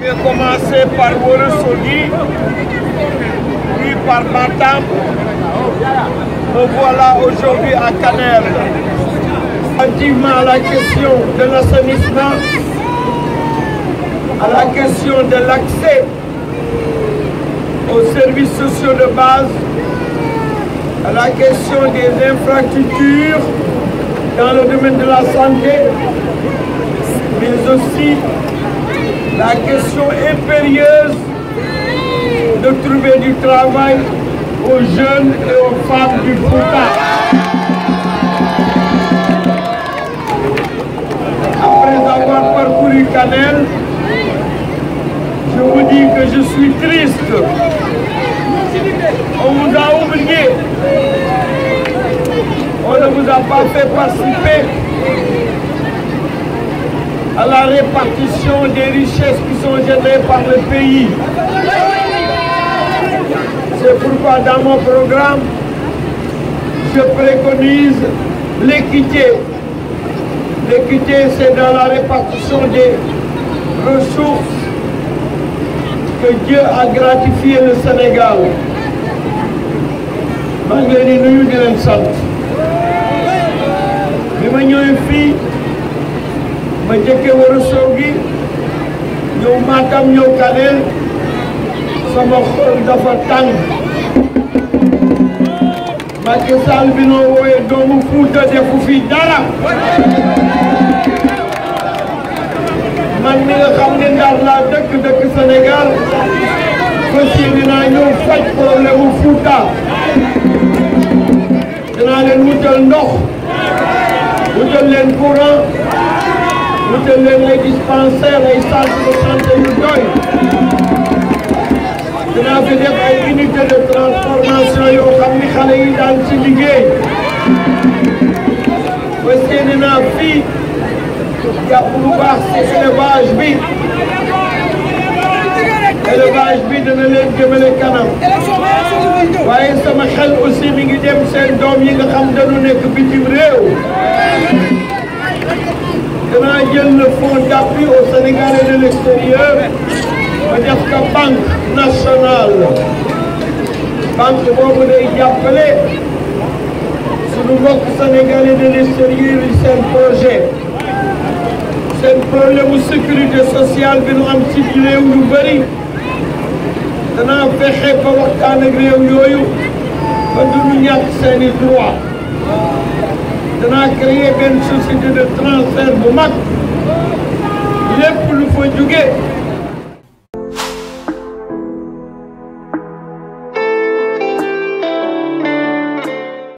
J'ai commencé par Worosoli, puis par Matam. Me voilà aujourd'hui à Kanel. Relativement à la question de l'assainissement, à la l'accès aux services sociaux de base, à la question des infrastructures dans le domaine de la santé, mais aussi la question impérieuse de trouver du travail aux jeunes et aux femmes du Fouta. Après avoir parcouru Canel, je vous dis que je suis triste. On vous a oublié. On ne vous a pas fait participer répartition des richesses qui sont générées par le pays. C'est pourquoi dans mon programme, je préconise l'équité. c'est dans la répartition des ressources que Dieu a gratifié le Sénégal. maa ngi leen di nuyu di leen sant bi ma ñëwee fii ma njëkkee Wuro Sogi ñëw Matam ñëw Kanel sama xol dafa tàng Macky Sall bi noo wooyee doomu Fuuta defu fi dara man mi xam ne Ndar laa dëkk dëkk Sénégal fas yéene naa ñëw faj problème mu Fuuta dinaa leen wutal ndox wutal leen courant ñu jël leen ay dispensaires ay centres de santé yu doy dinaa fi def ay unité de transformation yoo xam ni xale yi daan ci liggéey parce que dinaa fii jàpp lu baax ci élevage bi élevage bi dana leen jëmale kanam waaye sama xel aussi mi ngi dem seen doom yi nga xam dañu nekk bitim réew danaa jël le fonds d'appui aux Sénégalais de l'extérieur ma def ko banque nationale banque boobu day jàppale suñu mbokk Sénégalais de l'extérieur yi seen projet seen problème mu sécurité sociale bi nu am ci réew yu bëri danaa fexe ba waxtaan ak réew yooyu ba du ñu ñàkk seeni droit danaa créer benn société de transfert bu mag lépp lu fa jóge